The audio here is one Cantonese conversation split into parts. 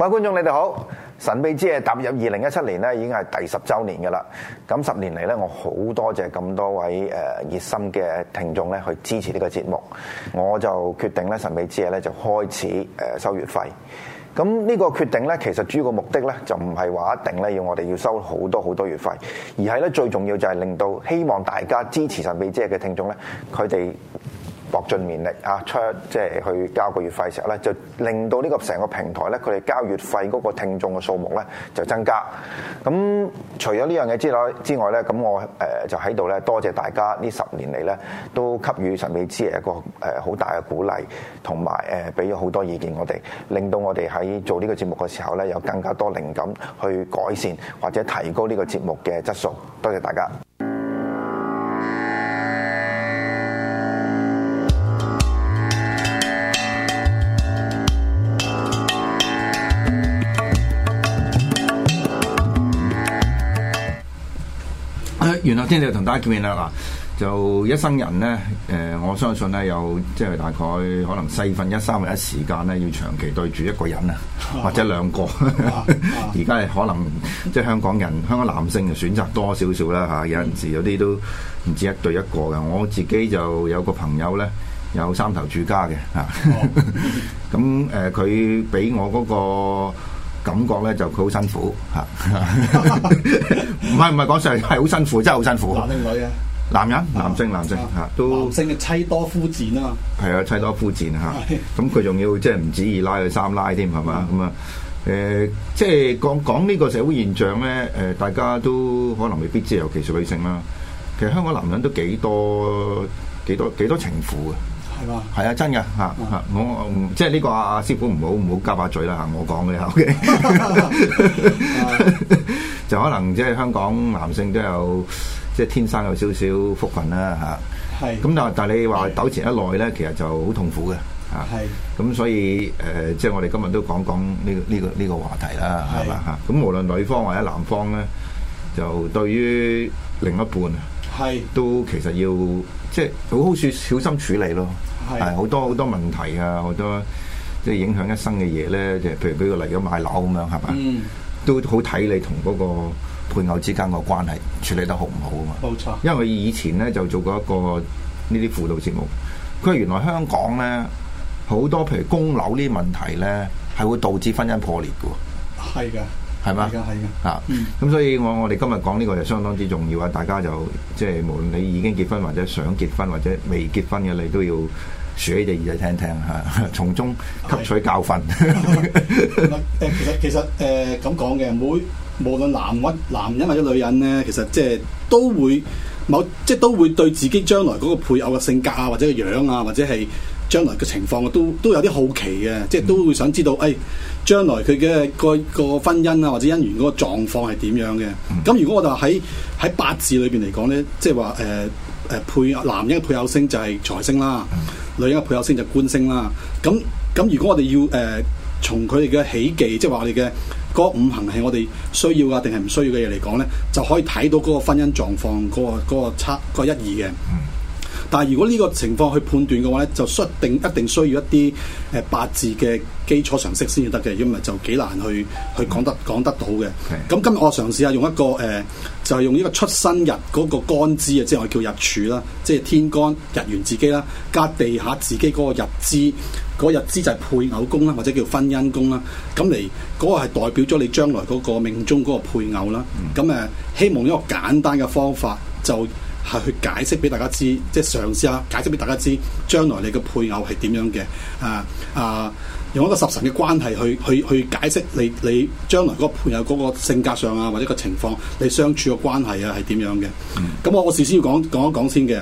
各位觀眾，你哋好！神秘之夜踏入二零一七年咧，已經係第十周年噶啦。咁十年嚟咧，我好多謝咁多位誒熱心嘅聽眾咧，去支持呢個節目。我就決定咧，神秘之夜咧就開始誒收月費。咁、這、呢個決定咧，其實主要嘅目的咧就唔係話一定咧要我哋要收好多好多月費，而係咧最重要就係令到希望大家支持神秘之夜嘅聽眾咧，佢哋。搏盡綿力啊，出即係去交個月費時候咧，就令到呢個成個平台咧，佢哋交月費嗰個聽眾嘅數目咧就增加。咁除咗呢樣嘢之內之外咧，咁我誒就喺度咧，多謝大家呢十年嚟咧都給予陳美枝一個誒好大嘅鼓勵，同埋誒俾咗好多意見我哋，令到我哋喺做呢個節目嘅時候咧有更加多靈感去改善或者提高呢個節目嘅質素。多謝大家。先嚟同大家見面啦！嗱， 就一生人咧，誒、呃，我相信咧，有即係大概可能四分一、三分一時間咧，要長期對住一個人啊，或者兩個。而家係可能即係香港人，香港男性嘅選擇多少少啦嚇。有陣時有啲都唔止一對一個嘅。我自己就有個朋友咧，有三頭住家嘅嚇。咁、啊、誒，佢俾、oh. 呃、我嗰、嗰個。感覺咧就佢好辛苦吓，唔係唔係講笑，， 係好 辛苦，真係好辛苦。男女啊，男人男性、男性吓，啊、都性嘅妻多夫賤啊嘛，係啊，妻多夫賤吓，咁佢仲要即係唔止二奶，佢三奶添係嘛，咁啊，誒，即係講講呢個社會現象咧，誒、呃，大家都可能未必知，尤其係女性啦。其實香港男人都幾多幾多幾多、幾多情婦嘅、啊。係嘛？係啊，真嘅吓，我即係呢個阿阿師傅，唔好唔好夾下嘴啦吓，我講嘅吓，就可能即係香港男性都有即係天生有少少福分啦吓，係咁但但你話糾纏一耐咧，其實就好痛苦嘅吓，係咁所以誒，即係我哋今日都講講呢呢個呢個話題啦，係嘛吓，咁無論女方或者男方咧，就對於另一半啊，係都其實要即係好好處小心處理咯。係好多好多問題啊！好多即係影響一生嘅嘢咧，就譬如俾個例子買樓咁樣，係嘛？嗯、都好睇你同嗰個配偶之間個關係處理得好唔好啊嘛！冇錯，因為以前咧就做過一個呢啲輔導節目，佢話原來香港咧好多譬如供樓呢啲問題咧係會導致婚姻破裂嘅喎。係㗎的，係嘛嗎？係㗎，係咁是、嗯、所以我我哋今日講呢個就相當之重要啊！大家就即係無論你已經結婚或者想結婚或者未結婚嘅你都要。share 啲聽聽吓，從中吸取教訓。 其實其實誒咁講嘅，每無論男或男人或者女人咧，其實即係都會某即係、就是、都會對自己將來嗰個配偶嘅性格啊，或者個樣啊，或者係將來嘅情況都都有啲好奇嘅，嗯、即係都會想知道誒、哎、將來佢嘅、那個個婚姻啊，或者姻緣嗰個狀況係點樣嘅。咁、嗯、如果我就喺喺八字裏邊嚟講咧，即係話誒誒配男人嘅配偶星就係財星啦。嗯女人嘅配偶星就官星啦，咁咁如果我哋要誒從佢哋嘅喜忌，即係話我哋嘅嗰五行係我哋需要啊定係唔需要嘅嘢嚟講咧，就可以睇到嗰個婚姻狀況嗰個嗰個差嗰個一二嘅。嗯但係如果呢個情況去判斷嘅話咧，就需定一定需要一啲誒、呃、八字嘅基礎常識先至得嘅，因為就幾難去、嗯、去講得講得到嘅。咁的今日我嘗試下用一個誒、呃，就係、是、用呢個出生日嗰個干支啊，即係我叫日柱啦，即係天干日元自己啦，加地下自己嗰個日支，嗰日支就係配偶宮啦，或者叫婚姻宮啦。咁嚟嗰個係代表咗你將來嗰個命中嗰個配偶啦。咁誒、嗯，希望一個簡單嘅方法就係去解釋俾大家知，即係嘗試下啊，解釋俾大家知將來你嘅配偶係點樣嘅啊啊！用一個十神嘅關係去去去解釋你你將來嗰個配偶嗰個性格上啊，或者個情況你相處嘅關係啊係點樣嘅。咁、嗯、我我事先要講講一講先嘅，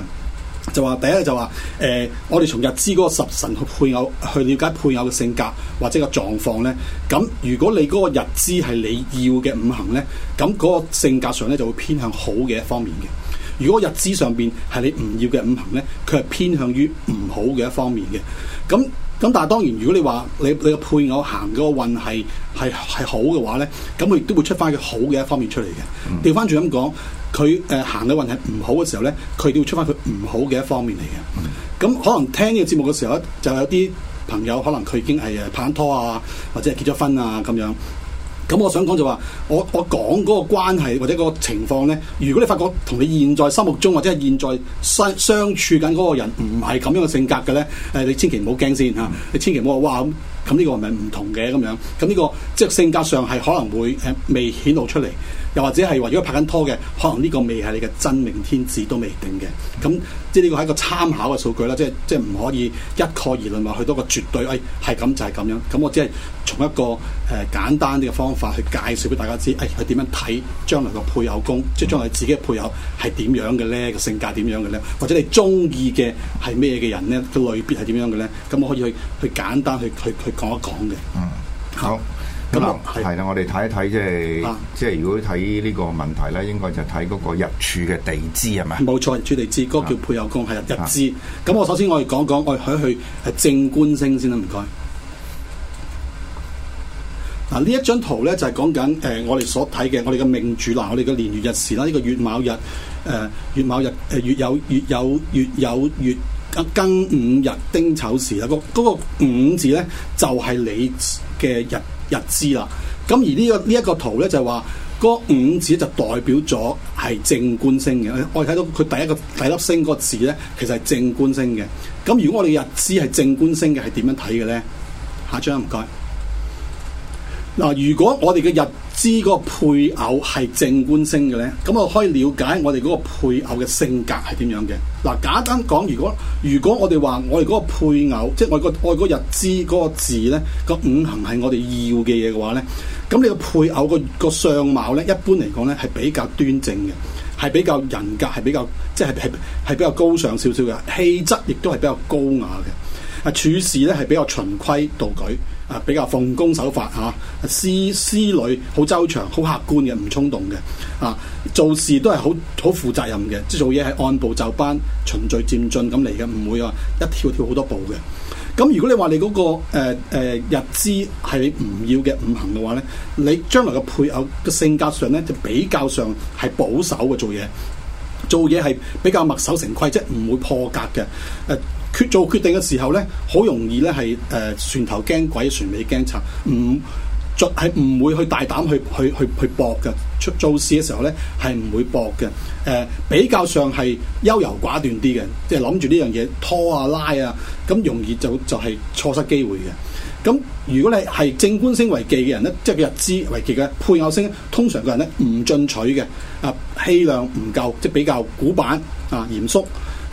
就話第一就話誒、呃，我哋從日支嗰個十神去配偶去了解配偶嘅性格或者個狀況咧。咁如果你嗰個日支係你要嘅五行咧，咁嗰個性格上咧就會偏向好嘅一方面嘅。如果日支上邊係你唔要嘅五行咧，佢係、嗯、偏向於唔好嘅一方面嘅。咁咁但係當然，如果你話你你嘅配偶行個運係係係好嘅話咧，咁佢亦都會出翻佢好嘅一方面出嚟嘅。調翻轉咁講，佢誒、呃、行嘅運係唔好嘅時候咧，佢亦都會出翻佢唔好嘅一方面嚟嘅。咁、嗯、可能聽呢個節目嘅時候咧，就有啲朋友可能佢已經係誒拍緊拖啊，或者係結咗婚啊咁樣。咁我想講就話，我我講嗰個關係或者個情況呢，如果你發覺同你現在心目中或者係現在相相處緊嗰個人唔係咁樣嘅性格嘅呢，誒你千祈唔好驚先吓，你千祈唔好話哇，咁呢個係咪唔同嘅咁樣，咁呢個即係性格上係可能會誒未顯露出嚟。又或者係話，如果拍緊拖嘅，可能呢個未係你嘅真命天子都未定嘅。咁即係呢個係一個參考嘅數據啦。即係即係唔可以一概而論話去到個絕對，誒係咁就係咁樣。咁我只係從一個誒、呃、簡單啲嘅方法去介紹俾大家知，誒佢點樣睇將來個配偶宮，嗯、即係將來自己嘅配偶係點樣嘅咧？個性格點樣嘅咧？或者你中意嘅係咩嘅人咧？個類別係點樣嘅咧？咁我可以去去簡單去去去講一講嘅。嗯，好。咁係啦，我哋睇一睇即係，即係、啊啊啊啊啊、如果睇呢個問題咧，應該就睇嗰個日柱嘅地支係咪？冇錯，錯日柱地支嗰、那個叫配偶宮係日支。咁、啊啊啊、我首先我哋講講，我哋去去正官星先啦，唔該。嗱、啊，張呢一張圖咧就係講緊誒，我哋所睇嘅我哋嘅命主啦、呃，我哋嘅年月日時啦，呢、啊、個月卯日誒、啊、月卯日誒、啊、月有月有月有月，有月、啊、更五日丁丑時啦，嗰、那、嗰、個那個五字咧就係、是、你嘅日。日支啦，咁而呢、這個呢一、這個圖咧就話、是、嗰、那個、五字就代表咗係正官星嘅，我睇到佢第一個第一粒星嗰字咧其實係正官星嘅。咁如果我哋日支係正官星嘅，係點樣睇嘅咧？下張唔該。嗱，如果我哋嘅日支嗰個配偶係正官星嘅咧，咁我可以了解我哋嗰個配偶嘅性格係點樣嘅。嗱，簡單講，如果如果我哋話我哋嗰個配偶，即係我個我個日支嗰個字咧，個五行係我哋要嘅嘢嘅話咧，咁你個配偶個個相貌咧，一般嚟講咧係比較端正嘅，係比較人格係比較即係係係比較高尚少少嘅，氣質亦都係比較高雅嘅。啊，處事咧係比較循規蹈矩。啊，比較奉公守法嚇，思、啊、思慮好周詳，好客觀嘅，唔衝動嘅，啊，做事都係好好負責任嘅，即做嘢係按部就班、循序漸進咁嚟嘅，唔會話一跳跳好多步嘅。咁如果你，你、那個呃呃、話你嗰個誒誒日支係唔要嘅五行嘅話咧，你將來嘅配偶嘅性格上咧就比較上係保守嘅做嘢。做嘢係比較墨守成規即係，唔、就是、會破格嘅。誒、呃、決做決定嘅時候咧，好容易咧係誒船頭驚鬼，船尾驚賊。唔作唔會去大膽去去去，去搏嘅。出做事嘅時候咧，係唔會搏嘅。誒、呃、比較上係優柔寡斷啲嘅，即係諗住呢樣嘢拖啊拉啊，咁容易就就係、是、錯失機會嘅。咁如果你係正官星為忌嘅人咧，即係日支為忌嘅配偶星，通常個人咧唔進取嘅，啊氣量唔夠，即係比較古板啊嚴肅，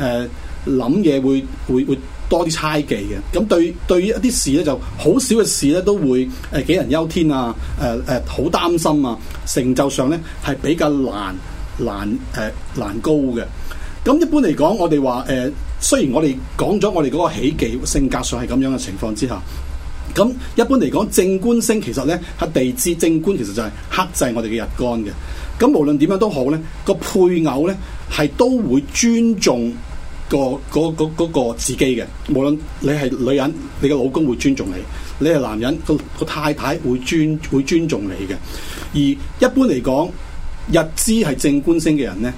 誒諗嘢會會會多啲猜忌嘅。咁對對於一啲事咧，就好少嘅事咧，都會誒杞人憂天啊，誒誒好擔心啊。成就上咧係比較難難誒難高嘅。咁一般嚟講，我哋話誒，雖然我哋講咗我哋嗰個喜忌性格上係咁樣嘅情況之下。咁一般嚟講，正官星其實咧，係地支正官，其實就係剋制我哋嘅日干嘅。咁無論點樣都好咧，個配偶咧係都會尊重、嗰個、嗰個嗰個自己嘅。無論你係女人，你嘅老公會尊重你；你係男人，個個太太會尊會尊重你嘅。而一般嚟講，日支係正官星嘅人咧，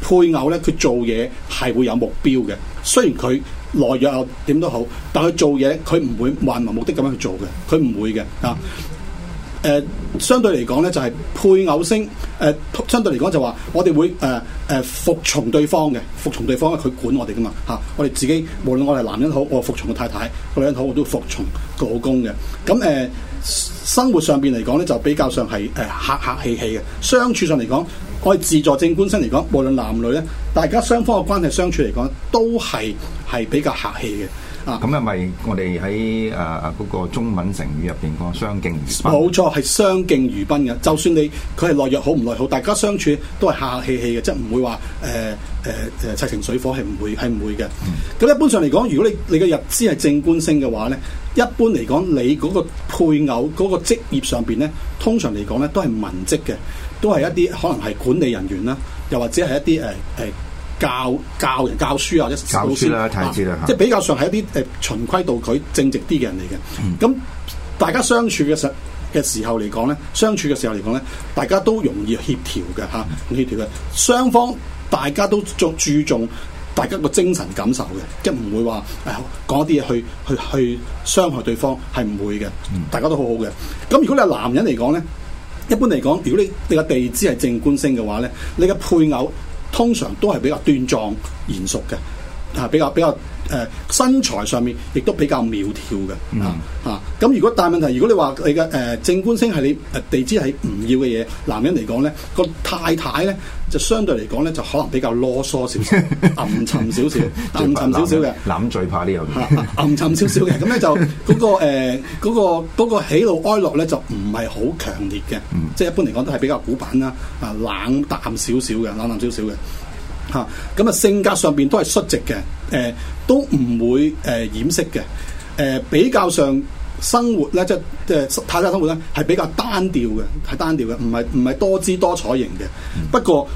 配偶咧佢做嘢係會有目標嘅，雖然佢。內弱點都好，但佢做嘢，佢唔會漫無目的咁樣去做嘅，佢唔會嘅啊。誒，相對嚟講咧，就係配偶星。誒、啊，相對嚟講就話、啊啊啊，我哋會誒誒服從對方嘅，服從對方，佢管我哋噶嘛吓。我哋自己，無論我係男人好，我服從個太太；女人好，我都服從個老公嘅。咁、啊、誒，生活上邊嚟講咧，就比較上係誒客客氣氣嘅。相處上嚟講，我哋自坐正官星嚟講，無論男女咧。大家雙方嘅關係相處嚟講，都係係比較客氣嘅。啊，咁係咪我哋喺誒誒嗰個中文成語入邊講相敬如賓？冇錯，係相敬如賓嘅。就算你佢係內弱好唔內好，大家相處都係客客氣氣嘅，即係唔會話誒誒誒砌成水火，係唔會係唔會嘅。咁、嗯、一般上嚟講，如果你你嘅日支係正官星嘅話咧，一般嚟講，你嗰個配偶嗰、嗰個職業上邊咧，通常嚟講咧都係文職嘅，都係一啲可能係管理人員啦，又或者係一啲誒誒。呃呃呃呃教教人教書，教書，書啊，一老師啦，即係比較上係一啲誒、呃、循規蹈矩、正直啲嘅人嚟嘅。咁、嗯、大家相處嘅時嘅時候嚟講咧，相處嘅時候嚟講咧，大家都容易協調嘅吓，協調嘅雙方，大大方，大家都注注重大家個精神感受嘅，即係唔會話誒講啲嘢，去去去傷害對方，係唔會嘅。大家都好好嘅。咁如果你係男人嚟講咧，一般嚟講，如果你你個地支係正官星嘅話咧，你嘅配偶。通常都係比較端莊、嚴肅嘅。啊，比較比較誒身材上面亦都比較苗條嘅，啊咁如果但係問題，如果你話你嘅誒正官星係你地支係唔要嘅嘢，男人嚟講咧，個太太咧就相對嚟講咧就可能比較囉嗦少少，暗沉少少，沉少少嘅，諗最怕呢樣嘢，暗沉少少嘅，咁咧就嗰個誒嗰個嗰個喜怒哀樂咧就唔係好強烈嘅，即係一般嚟講都係比較古板啦，啊冷淡少少嘅，冷淡少少嘅。嚇，咁啊性格上邊都係率直嘅，誒、呃、都唔會誒、呃、掩飾嘅，誒、呃、比較上生活咧即係即係太太生活咧係比較單調嘅，係單調嘅，唔係唔係多姿多彩型嘅，不過。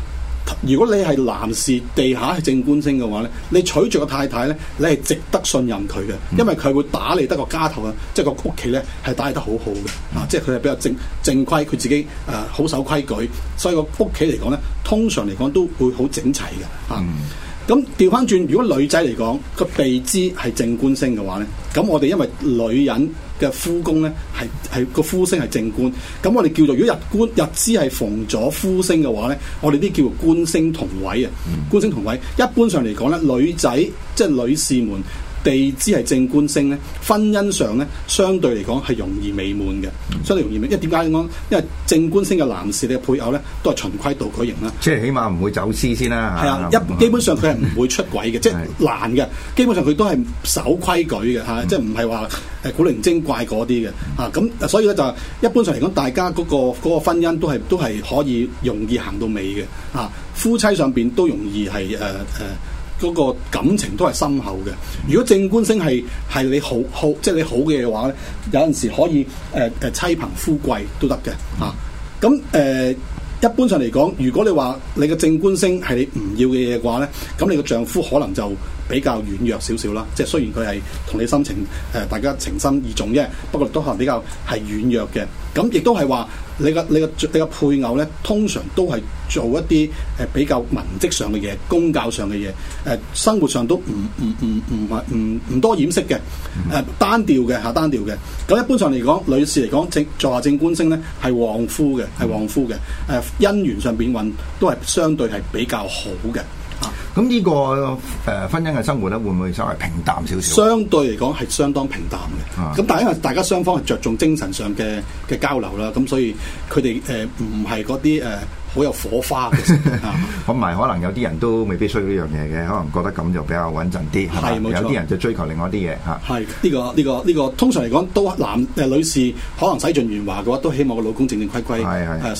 如果你係男士，地下係正官星嘅話咧，你娶住個太太呢，你係值得信任佢嘅，因為佢會打理得個家頭個家、嗯、啊，即係個屋企呢，係打理得好好嘅，啊，即係佢係比較正正規，佢自己誒好、呃、守規矩，所以個屋企嚟講呢，通常嚟講都會好整齊嘅，啊。嗯咁調翻轉，如果女仔嚟講個日支係正官星嘅話咧，咁我哋因為女人嘅夫宮咧係係個夫星係正官，咁我哋叫做如果日官日支係逢咗夫星嘅話咧，我哋啲叫做官星同位啊。官星同位，一般上嚟講咧，女仔即係女士們。地支係正官星咧，婚姻上咧相對嚟講係容易美滿嘅，相對容易美滿。因為點解咁講？因為正官星嘅男士你嘅配偶咧都係循規蹈矩型啦，即係起碼唔會走私先啦，係啊，啊啊一基本上佢係唔會出軌嘅，即係難嘅，基本上佢 都係守規矩嘅，吓、嗯，即係唔係話誒古靈精怪嗰啲嘅，吓咁、嗯啊，所以咧就一般上嚟講，大家嗰、嗰個、嗰個婚姻都係都係可以容易行到尾嘅，啊，夫妻上邊都容易係誒誒。啊啊啊啊。嗰個感情都係深厚嘅。如果正官星係係你好好，即係你好嘅話咧，有陣時可以誒誒、呃、妻憑夫貴都得嘅啊。咁誒、呃、一般上嚟講，如果你，你，你話你嘅正官星係你唔要嘅嘢嘅話咧，咁你嘅丈夫可能就～比較軟弱少少啦，即係雖然佢係同你心情誒、呃，大家情深意重啫，不過都係比較係軟弱嘅。咁亦都係話你個你個你個配偶咧，通常都係做一啲誒比較文職上嘅嘢、公教上嘅嘢，誒、呃、生活上都唔唔唔唔係唔唔多掩飾嘅，誒、呃、單調嘅嚇單調嘅。咁一般上嚟講，女士嚟講正坐下正官星咧，係旺夫嘅，係旺夫嘅。誒姻緣上邊運都係相對係比較好嘅。咁呢個誒婚姻嘅生活咧，會唔會稍微平淡少少？相對嚟講係相當平淡嘅。咁、嗯、但因為大家雙方係着重精神上嘅嘅交流啦，咁所以佢哋誒唔係嗰啲誒好有火花嘅。咁唔係可能有啲人都未必需要呢樣嘢嘅，可能覺得咁就比較穩陣啲係嘛？有啲人就追求另外一啲嘢嚇。係呢、這個呢、這個呢、這個通常嚟講都男誒、呃、女士可能洗盡鉛華嘅話，都希望個老公正正規規係係誒。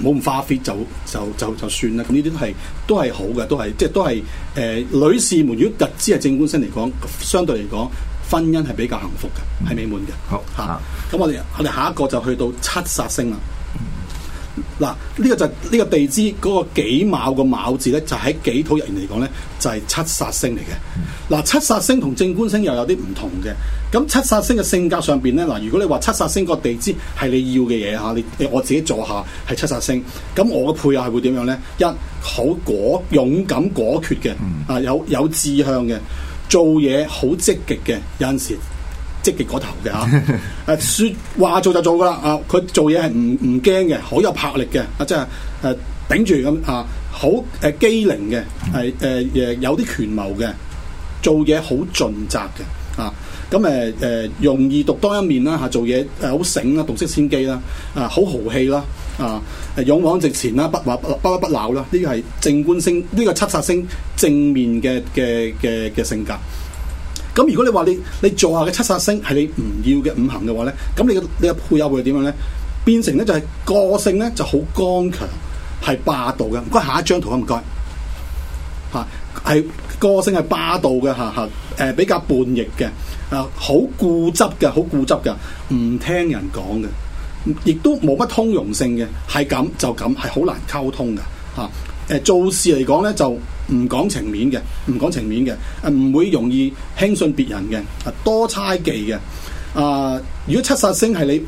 冇咁花費就就就就，就算啦，咁呢啲都係都係好嘅，都係即係都係誒、呃、女士們，如果日支係正官星嚟講，相對嚟講婚姻係比較幸福嘅，係美滿嘅。好嚇，咁、啊嗯、我哋我哋下一個就去到七煞星啦。嗱，呢、這個就呢、是這個地支嗰個己卯嘅卯字咧，就喺、是、己土入面嚟講咧，就係、是、七殺星嚟嘅。嗱，七殺星同正官星又有啲唔同嘅。咁七殺星嘅性格上面咧，嗱，如果你話七殺星個地支係你要嘅嘢嚇，你我自己坐下係七殺星，咁我嘅配偶係會點樣咧？一好果勇敢果決嘅，啊有有志向嘅，做嘢好積極嘅，有陣時。積極嗰頭嘅嚇，誒説話做就做噶啦，啊佢做嘢係唔唔驚嘅，好有魄力嘅，啊即係誒頂住咁啊，好誒、啊、機靈嘅，係誒誒有啲權謀嘅，做嘢好盡責嘅，啊咁誒誒容易讀多一面啦嚇、啊，做嘢誒好醒啦，洞悉先機啦，啊好豪氣啦，啊勇往直前啦，不話不不屈不撓啦，呢個係正官星呢個七煞星正面嘅嘅嘅嘅性格。咁如果你話你你坐下嘅七煞星係你唔要嘅五行嘅話咧，咁你嘅你嘅配偶會點樣咧？變成咧就係個性咧就好剛強，係霸道嘅。唔該，下一張圖啊，唔該。嚇，係個性係霸道嘅，嚇嚇，誒比較叛逆嘅，啊好固執嘅，好固執嘅，唔聽人講嘅，亦都冇乜通融性嘅，係咁就咁，係好難溝通嘅。嚇，誒做事嚟講咧就。唔講情面嘅，唔講情面嘅，唔會容易輕信別人嘅，多猜忌嘅。啊、呃，如果七煞星係你誒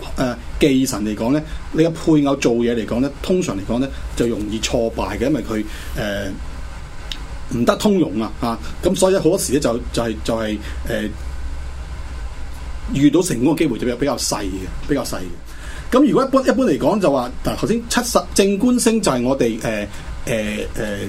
忌、呃、神嚟講咧，你嘅配偶做嘢嚟講咧，通常嚟講咧就容易挫敗嘅，因為佢誒唔得通融啊，吓、啊、咁所以好多時咧就就係、是、就係、是、誒、呃、遇到成功嘅機會就比比較細嘅，比較細嘅。咁如果一般一般嚟講就話，嗱頭先七煞正官星就係我哋誒誒誒。呃呃呃呃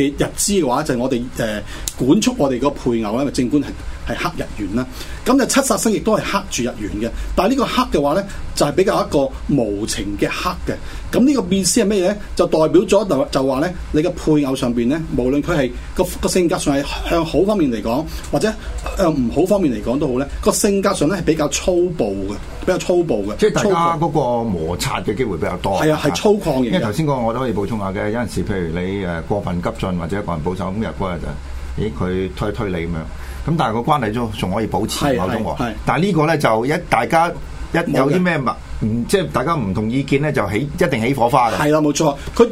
你入資嘅話，就係、是、我哋誒、呃、管束我哋個配偶咧，因為正官係。係剋日元啦，咁就七殺星亦都係剋住日元嘅。但係呢個剋嘅話咧，就係、是、比較一個無情嘅剋嘅。咁呢個變思係咩咧？就代表咗就就話咧，你嘅配偶上邊咧，無論佢係個個性格上係向好方面嚟講，或者向唔好方面嚟講都好咧，個性格上咧係比較粗暴嘅，比較粗暴嘅。即係大家嗰個摩擦嘅機會比較多。係暴啊，係粗獷型。因為頭先講我都可以補充下嘅，有陣時譬如你誒過份急進或者過份保守，咁日嗰日就，咦佢推推你咁樣。咁但係個關係都仲可以保持某種喎，是是是但係，呢個咧就一大家一有啲咩物，唔即係大家唔同意見咧，就起一定起火花嘅。係啦，冇錯。佢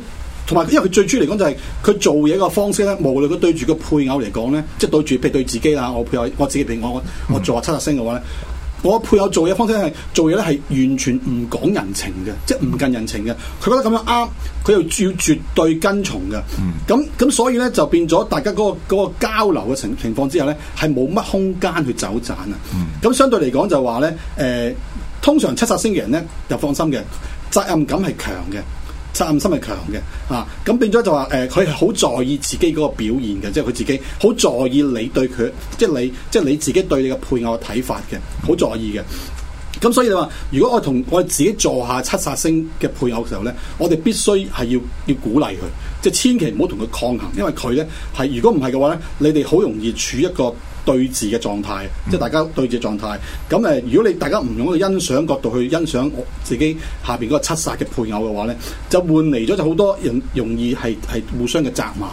同埋因為佢最主要嚟講就係佢做嘢嘅方式咧，無論佢對住個配偶嚟講咧，即係對住譬如對自己啦，我配偶我自己譬如我我我做七殺星嘅話咧。嗯我配偶做嘢方式係做嘢咧係完全唔講人情嘅，即係唔近人情嘅。佢覺得咁樣啱，佢又要絕，絕對跟從嘅。咁咁、嗯、所以咧就變咗大家嗰、嗰個、嗰個交流嘅情情況之下咧係冇乜空間去走賺啊。咁、嗯、相對嚟講就話咧，誒、呃、通常七煞星嘅人咧就放心嘅，責任感係強嘅。責任心係強嘅，啊咁變咗就話誒，佢係好在意自己嗰個表現嘅，即係佢自己好在意你對佢，即係你，即係你自己對你嘅配偶嘅睇法嘅，好在意嘅。咁所以你話，如果我同我哋自己做下七殺星嘅配偶嘅時候咧，我哋必須係要要鼓勵佢，即係千祈唔好同佢抗衡，因為佢咧係如果唔係嘅話咧，你哋好容易處一個對峙嘅狀態，即係大家對峙狀態。咁誒，如果你大家唔用一個欣賞角度去欣賞自己下邊嗰個七殺嘅配偶嘅話呢，就換嚟咗就好多人容易係係互相嘅責罵。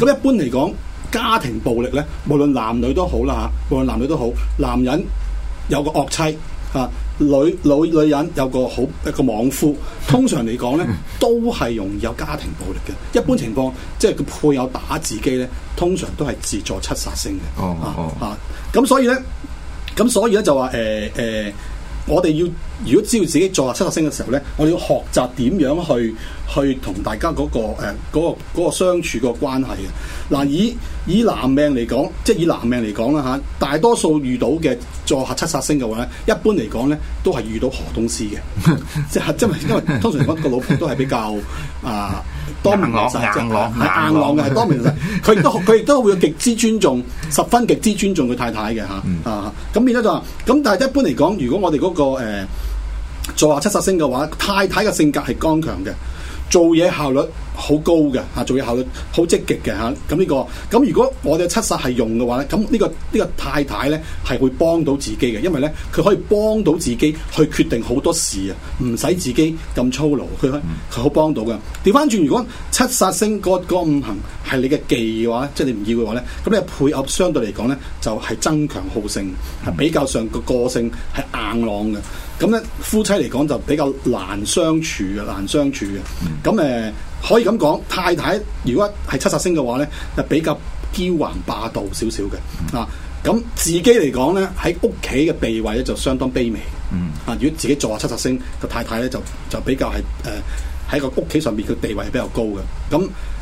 咁一般嚟講，家庭暴力呢，無論男女都好啦吓，無論男女都好，男人有個惡妻吓。啊女老女,女人有個好一個莽夫，通常嚟講咧，都係容易有家庭暴力嘅。一般情況即係佢配偶打自己咧，通常都係自助七殺星嘅。哦、oh, oh. 啊，咁、啊、所以咧，咁所以咧就話誒誒。欸欸我哋要如果知道自己坐下七煞星嘅時候呢，我哋要學習點樣去去同大家嗰、嗰個誒嗰、呃嗰個嗰個、相處、嗰個關係啊！嗱，以以男命嚟講，即係以男命嚟講啦嚇，大多數遇到嘅坐下七煞星嘅話咧，一般嚟講呢都係遇到河東獅嘅，即係 因為因為通常嚟講個老婆都係比較啊。多面性嘅，係硬朗嘅，係多面性。佢亦 都佢亦都會極之尊重，十分極之尊重佢太太嘅吓啊！咁變咗就話咁，但係一般嚟講，如果我哋嗰、嗰個誒坐、呃、下七殺星嘅話，太太嘅性格係剛強嘅。做嘢效率好高嘅嚇，做嘢效率好積極嘅嚇，咁、啊、呢、這個咁如果我哋七煞係用嘅話咧，咁呢、這個呢、這個太太咧係會幫到自己嘅，因為咧佢可以幫到自己去決定好多事啊，唔使自己咁操勞，佢佢好幫到嘅。調返轉，如果七煞星嗰、那個那個、五行係你嘅忌嘅話，即、就、係、是、你唔要嘅話咧，咁咧配合相對嚟講咧就係、是、爭強好勝，係比較上個個性係硬朗嘅。咁咧夫妻嚟講就比較難相處嘅，難相處嘅。咁誒、嗯呃、可以咁講，太太如果係七殺星嘅話咧，就比較驕橫霸道少少嘅。嗯、啊，咁自己嚟講咧，喺屋企嘅地位咧就相當卑微。嗯、啊，如果自己做啊七殺星嘅太太咧，就就比較係誒喺個屋企上面嘅地位係比較高嘅。咁、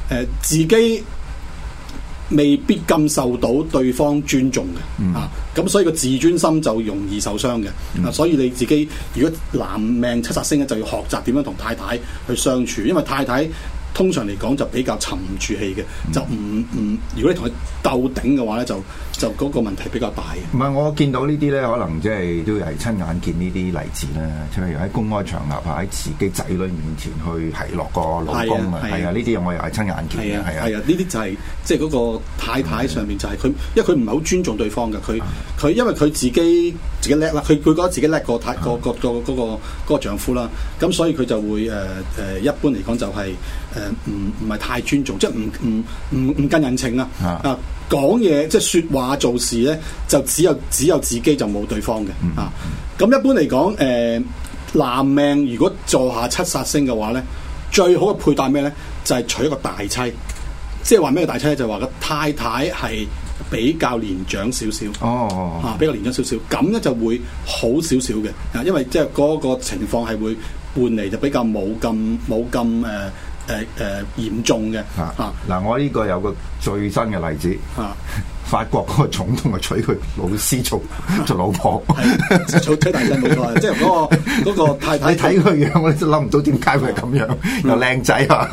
嗯、誒、呃、自己。未必咁受到對方尊重嘅，嗯、啊，咁所以個自尊心就容易受傷嘅、嗯啊，所以你自己如果男命七殺星咧，就要學習點樣同太太去相處，因為太太。通常嚟講就比較沉唔住氣嘅，嗯、就唔唔，如果你同佢鬥頂嘅話咧，就就嗰個問題比較大嘅。唔係，我見到呢啲咧，可能即、就、係、是、都係親眼見呢啲例子啦，譬如喺公開場合啊，喺自己仔女面前去奚落個老公啊，係啊，呢啲我又係親眼見。係啊，係啊，呢啲、啊啊、就係即係嗰個太太上面就係、是、佢，嗯、因為佢唔係好尊重對方嘅，佢佢、嗯、因為佢自己自己叻啦，佢佢覺得自己叻過太、嗯那個、那個個嗰個個丈夫啦，咁所以佢就會誒誒、呃，一般嚟講就係、是、誒。唔唔係太尊重，即係唔唔唔唔近人情啊啊！講嘢、啊、即係說話做事咧，就只有只有自己就冇對方嘅啊。咁、嗯嗯、一般嚟講，誒、呃、男命如果坐下七煞星嘅話咧，最好嘅配搭咩咧，就係、是、娶一個大妻。即係話咩大妻咧，就話、是、個太太係比較年長少少哦啊，比較年長少少咁咧，就會好少少嘅啊。因為即係嗰個情況係會換嚟就比較冇咁冇咁誒。誒誒，嚴重嘅啊，嗱，我呢個有個最新嘅例子啊，法國嗰個總統啊娶佢老師做做老婆，做大嘅冇錯。即係嗰個太太，睇佢樣，我真諗唔到點解會係咁樣，又靚仔啊！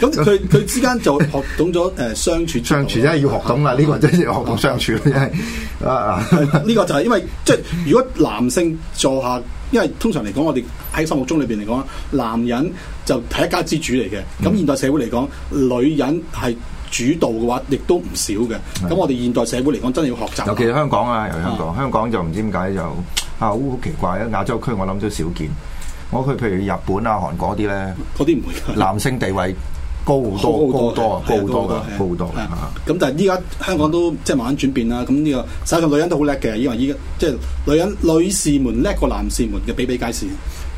咁佢佢之間就學懂咗誒相處，相處真係要學懂啦。呢個真係要學懂相處真係啊！呢個就係因為即係如果男性坐下。因為通常嚟講，我哋喺心目中裏邊嚟講，男人就係一家之主嚟嘅。咁、嗯、現代社會嚟講，女人係主導嘅話，亦都唔少嘅。咁的我哋現代社會嚟講，真係要學習。尤其香港啊，尤其香港，的香港就唔知點解就啊好奇怪啊！亞洲區我諗都少見。我去譬如日本啊、韓國啲咧，嗰啲唔會。男性地位。高好多，高好多，高好多噶，高好多。咁但係依家香港都、嗯、即係慢慢轉變啦。咁呢、嗯呢個，實際上女人都好叻嘅，因為依家即係女人女士們叻過男士們嘅比比皆是。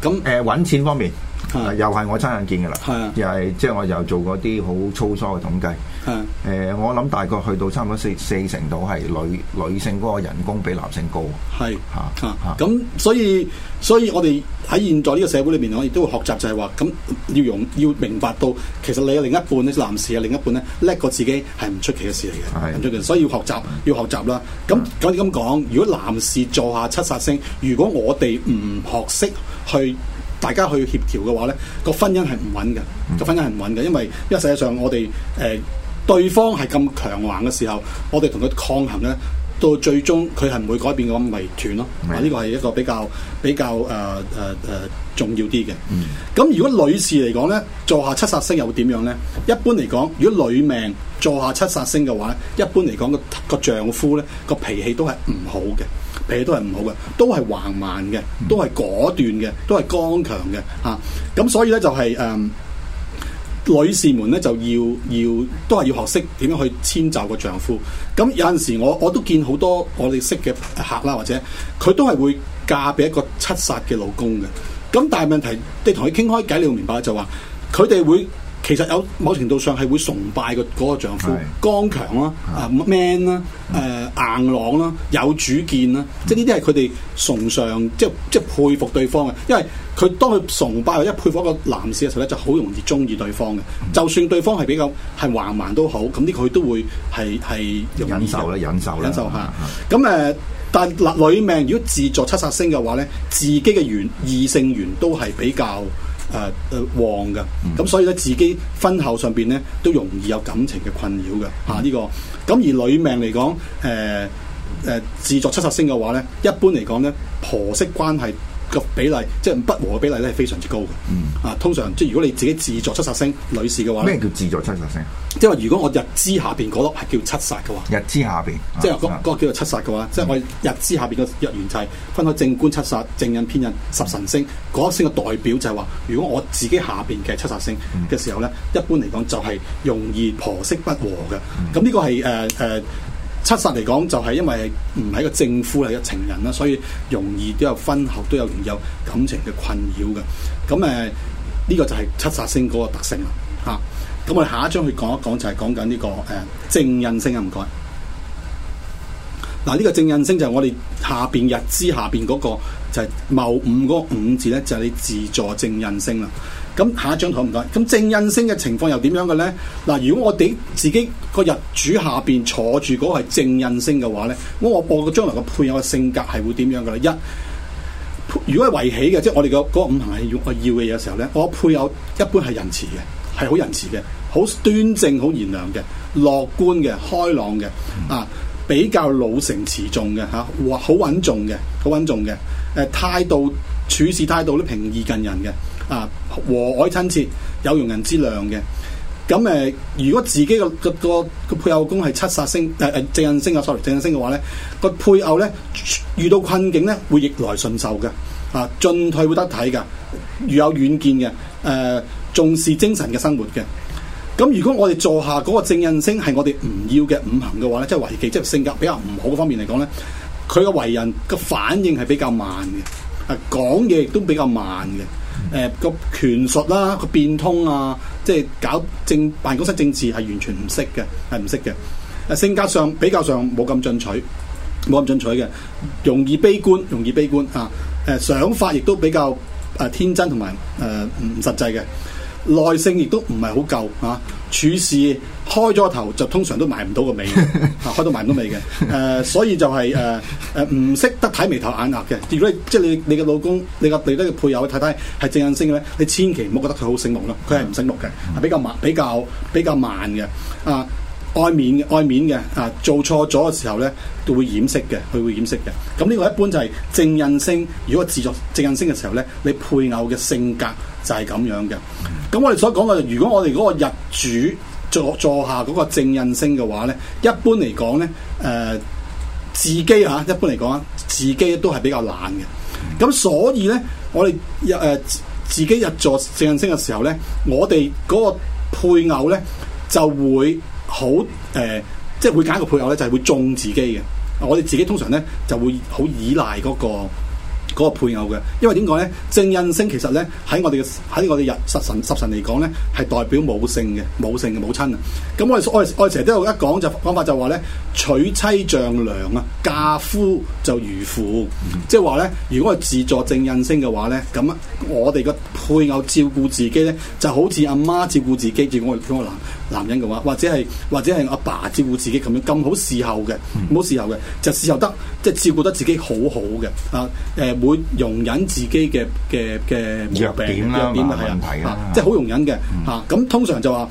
咁誒搵錢方面。 又係我親眼見嘅啦是、啊，又係即係我又做過啲好粗疏嘅統計，誒是、啊呃，我諗大概去到差唔多四四成度係女女性嗰個人工比男性高，係嚇咁，所以所以我哋喺現在呢個社會裏面，我哋都會學習就係話，咁要用要明白到其實你嘅另一半，你男士嘅另一半咧叻過自己係唔出奇嘅事嚟嘅，唔出是、啊、奇，所以要學習要學習啦。咁講咁講，如果男士坐下七殺星，如果我哋唔學識去大家去協調嘅話呢、呢個婚姻係唔穩嘅，呢個婚姻係唔穩嘅，因為因為實際上我哋誒、呃、對方係咁強橫嘅時候，我哋同佢抗衡呢，到最終佢係唔會改變，咁咪斷咯。啊，呢、呢個係一個比較比較誒誒誒。呃呃呃重要啲嘅。咁、嗯、如果女士嚟講咧，坐下七煞星又會點樣咧？一般嚟講，如果女命坐下七煞星嘅話，一般嚟講個個丈夫咧個脾氣都係唔好嘅，脾氣都係唔好嘅，都係橫蠻嘅，都係果斷嘅，都係剛強嘅。啊，咁所以咧就係、是、誒、呃，女士們咧就要要都係要學識點樣去遷就個丈夫。咁有陣時我我都見好多我哋識嘅客啦，或者佢都係會嫁俾一個七煞嘅老公嘅。咁但係問題，你同佢傾開偈，你要明白就話，佢哋會其實有某程度上係會崇拜個嗰個丈夫，是剛強啦、啊，啊 man 啦、啊，誒、嗯呃、硬朗啦、啊，有主見啦、啊，嗯、即係呢啲係佢哋崇尚，即係即係佩服對方嘅。因為佢當佢崇拜或者佩服一個男士嘅時候咧，就好容易中意對方嘅。嗯、就算對方係比較係橫蠻都好，咁啲佢都會係係忍受啦，忍受啦，忍受下。咁誒。但、呃、女命如果自作七煞星嘅話咧，自己嘅緣異性緣都係比較誒誒、呃呃、旺嘅，咁所以咧自己婚後上邊咧都容易有感情嘅困擾嘅吓呢個，咁、呃、而女命嚟講，誒、呃、誒、呃、自作七煞星嘅話咧，一般嚟講咧婆媳關係。個比例即係不和嘅比例咧，係非常之高嘅。嗯，啊，通常即係如果你自己自作七煞星女士嘅話，咩叫自作七煞星？即係話如果我日支下邊嗰粒係叫七煞嘅話，日支下邊，即係嗰嗰個叫做七煞嘅話，即係、嗯、我日支下邊個日元就係分開正官七煞、正印偏印、十神星嗰粒星嘅代表就，就係話如果我自己下邊嘅七煞星嘅時候咧，嗯、一般嚟講就係容易婆媳不和嘅。咁呢個係誒誒。七煞嚟講就係因為唔係一個正夫係一情人啦，所以容易都有婚後都有容易有感情嘅困擾嘅。咁誒呢個就係七煞星嗰個特性啦。吓、啊，咁我哋下一張去講一講就係講緊呢個誒、呃、正印星啊，唔該。嗱，呢個正印星就係我哋下邊日支下邊嗰、那個就係、是、某五嗰個五字咧，就係、是、你自助正印星啦。咁下一張圖唔該，咁正印星嘅情況又點樣嘅咧？嗱，如果我哋自己個日主下邊坐住嗰個係正印星嘅話咧，我播個將來個配偶嘅性格係會點樣嘅咧？一，如果係圍起嘅，即係我哋嘅嗰五行係要我要嘅嘢嘅時候咧，我配偶一般係仁慈嘅，係好仁慈嘅，好端正，好賢良嘅，樂觀嘅，開朗嘅，啊，比較老成持重嘅嚇，哇、啊，好穩重嘅，好穩重嘅，誒、啊、態度處事態度都平易近人嘅。啊，和藹親切，有容人之量嘅。咁、啊、誒，如果自己個個個配偶宮係七煞星、誒、呃、誒正印星 sorry 正印星嘅話咧，呢個配偶咧遇到困境咧會逆來順受嘅，啊進退會得體嘅，如有遠見嘅，誒、啊、重視精神嘅生活嘅。咁、啊、如果我哋坐下嗰、那個正印星係我哋唔要嘅五行嘅話咧，即係為忌，即係性格比較唔好方面嚟講咧，佢嘅為人嘅反應係比較慢嘅，啊講嘢亦都比較慢嘅。啊啊啊誒個、呃、權術啦、啊，個變通啊，即係搞政辦公室政治係完全唔識嘅，係唔識嘅。誒、呃、性格上比較上冇咁進取，冇咁進取嘅，容易悲觀，容易悲觀啊！誒、呃、想法亦都比較誒、呃、天真同埋誒唔實際嘅。耐性亦都唔係好夠啊！處事開咗頭就通常都埋唔到個尾， 啊開到埋唔到尾嘅誒、啊，所以就係誒誒唔識得睇眉頭眼額嘅。如果你即係、就係、你你嘅老公、你嘅你啲配偶、太太係正印星嘅咧，你千祈唔好覺得佢好醒目咯，佢係唔醒目嘅，比較慢，比較比較慢嘅啊。愛面嘅、愛面嘅啊，做錯咗嘅時候咧，都會掩飾嘅，佢會掩飾嘅。咁呢個一般就係正印星。如果自作正印星嘅時候咧，你配偶嘅性格就係咁樣嘅。咁我哋所講嘅，就是，如果我哋嗰個日主坐坐下嗰個正印星嘅話咧，一般嚟講咧，誒、呃、自己吓、啊，一般嚟講自己都係比較懶嘅。咁所以咧，我哋日誒、呃、自己日坐正印星嘅時候咧，我哋嗰個配偶咧就會。好誒、呃，即係會揀一個配偶咧，就係、是、會縱自己嘅。我哋自己通常咧就會好依賴嗰、那個那個配偶嘅，因為點講咧？正印星其實咧喺我哋嘅喺我哋日十,十,十神十神嚟講咧，係代表母性嘅母性嘅母親啊。咁我哋成日都有一講就講法就話咧，娶妻像娘啊，嫁夫就如父，即係話咧，如果係自坐正印星嘅話咧，咁啊，我哋、這個。配偶照顧自己咧，就好似阿媽，媽照顧自己，叫我叫我男男人嘅話，或者係或者係阿爸，爸照顧自己咁樣咁好伺候嘅，唔好伺候嘅，就伺候得即係照顧得自己好好嘅啊！誒、呃、會容忍自己嘅嘅嘅弱點，弱點嘅的問題啊，即係好容忍嘅、嗯、啊！咁通常就話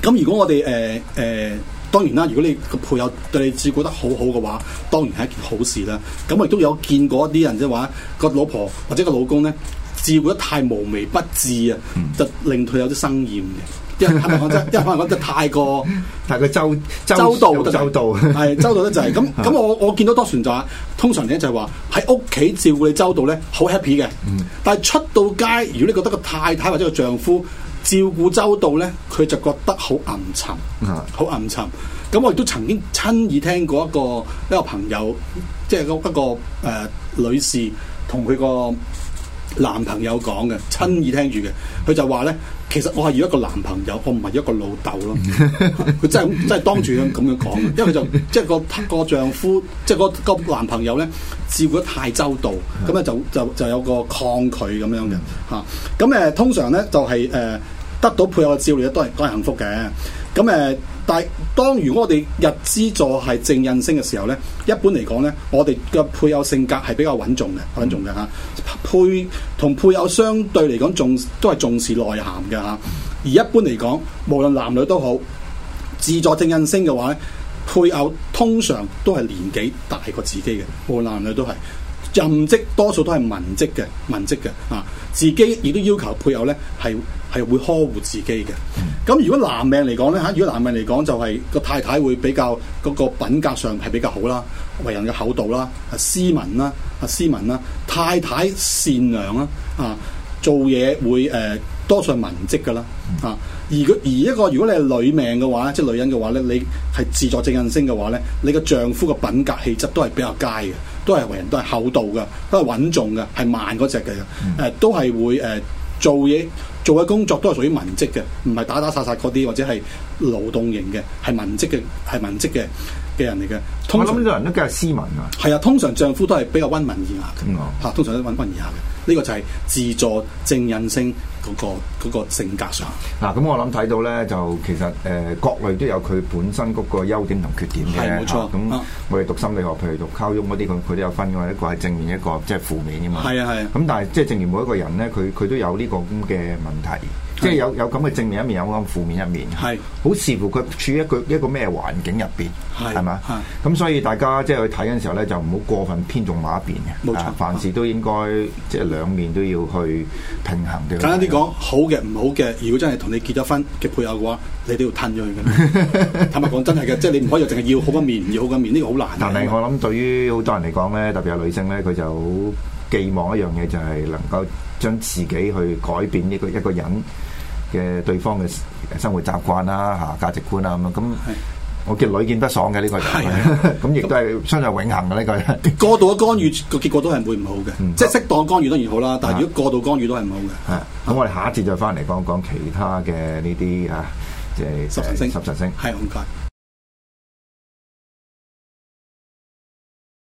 咁，如果我哋誒誒當然啦，如果你個配偶對你照顧得好好嘅話，當然係一件好事啦。咁我亦都有見過一啲人即係話個老婆或者個老公咧。照顧得太無微不至啊，嗯、就令佢有啲生厭嘅。因為可能講真，因為可能講得太過太佢周周,周到,周到，周到係周到得滯。咁咁、嗯，我我見到多船就話，通常咧就係話喺屋企照顧你周到咧，好 happy 嘅。但係出到街，如果你覺得個太太或者個丈夫照顧周到咧，佢就覺得好暗沉，好暗、嗯、沉。咁我亦都曾經親耳聽過一個一個朋友，即係個一個誒、呃呃、女士同佢個。男朋友講嘅，親耳聽住嘅，佢就話咧，其實我係要一個男朋友，我唔係一個老豆咯。佢 真係真係當住佢咁樣講，因為佢就即係個個丈夫，即係個男朋友咧，照顧得太周到，咁咧就就就有個抗拒咁樣嘅嚇。咁、啊、誒通常咧就係、是、誒得到配偶嘅照料都係都係幸福嘅。咁誒，但係當如果我哋日支坐係正印星嘅時候咧，一般嚟講咧，我哋嘅配偶性格係比較穩重嘅，穩重嘅嚇。配同配偶相對嚟講重都係重視內涵嘅嚇。而一般嚟講，無論男女都好，自坐正印星嘅話咧，配偶通常都係年紀大過自己嘅，無論男女都係。任職多數都係文職嘅，文職嘅嚇、啊。自己亦都要求配偶咧係。係會呵護自己嘅。咁如果男命嚟講咧吓，如果男命嚟講就係、是、個太太會比較嗰、那個品格上係比較好啦，為人嘅厚道啦，啊斯文啦，啊斯文啦，太太善良啦，啊做嘢會誒、呃、多數係文職㗎啦啊。而佢而一個如果你係女命嘅話咧，即係女人嘅話咧，你係自坐正印星嘅話咧，你嘅丈夫嘅品格氣質都係比較佳嘅，都係為人都係厚道嘅，都係穩重嘅，係慢嗰隻嘅，誒、呃、都係會誒、呃、做嘢。做嘅工作都係屬於文職嘅，唔係打打殺殺嗰啲或者係勞動型嘅，係文職嘅，係文職嘅嘅人嚟嘅。通常呢啲人都叫係斯文啊。係啊，通常丈夫都係比較温文爾雅嘅，嚇、嗯啊，通常都温文爾雅嘅。呢、這個就係日支正印星。嗰個嗰個性格上，嗱咁我諗睇到咧，就其實誒各類都有佢本身嗰個優點同缺點嘅，冇錯，咁我哋讀心理學，譬如讀溝通嗰啲，佢佢都有分嘅，一個係正面，一個即係負面嘅嘛。係啊係啊，咁但係即係正如每一個人咧，佢佢都有呢個咁嘅問題。即係有有咁嘅正面一面，有咁負面一面，係是好視乎佢處於一個一個咩環境入邊，係嘛？咁，所以大家即係去睇嘅時候咧，就唔好過分偏重某一邊嘅。冇錯，啊、凡事都應該即係兩面都要去平衡嘅。簡單啲講，好嘅、唔好嘅，如果真係同你結咗婚嘅配偶嘅話，你都要吞咗佢嘅。 坦白講，真係嘅，即、就、係、是、你唔可以淨係要好嘅面，唔要好嘅面，呢個好難。但係我諗，對於好多人嚟講咧，特別係女性咧，佢就好寄望一樣嘢，就係、是、能夠將自己去改變一個一個人。嘅對方嘅生活習慣啦、啊、嚇、啊、價值觀啊咁樣咁，啊、我得見屢見不爽嘅呢、呢個咁亦、啊 嗯、都係相對永恆嘅呢、呢個過度嘅干預個結果都係會唔好嘅，嗯、即係適當干預當然好啦，但係如果過度干預都係唔好嘅。係咁，我哋下一節再翻嚟講,講講其他嘅呢啲啊，即、就、係、是、十神星，十神星係唔該。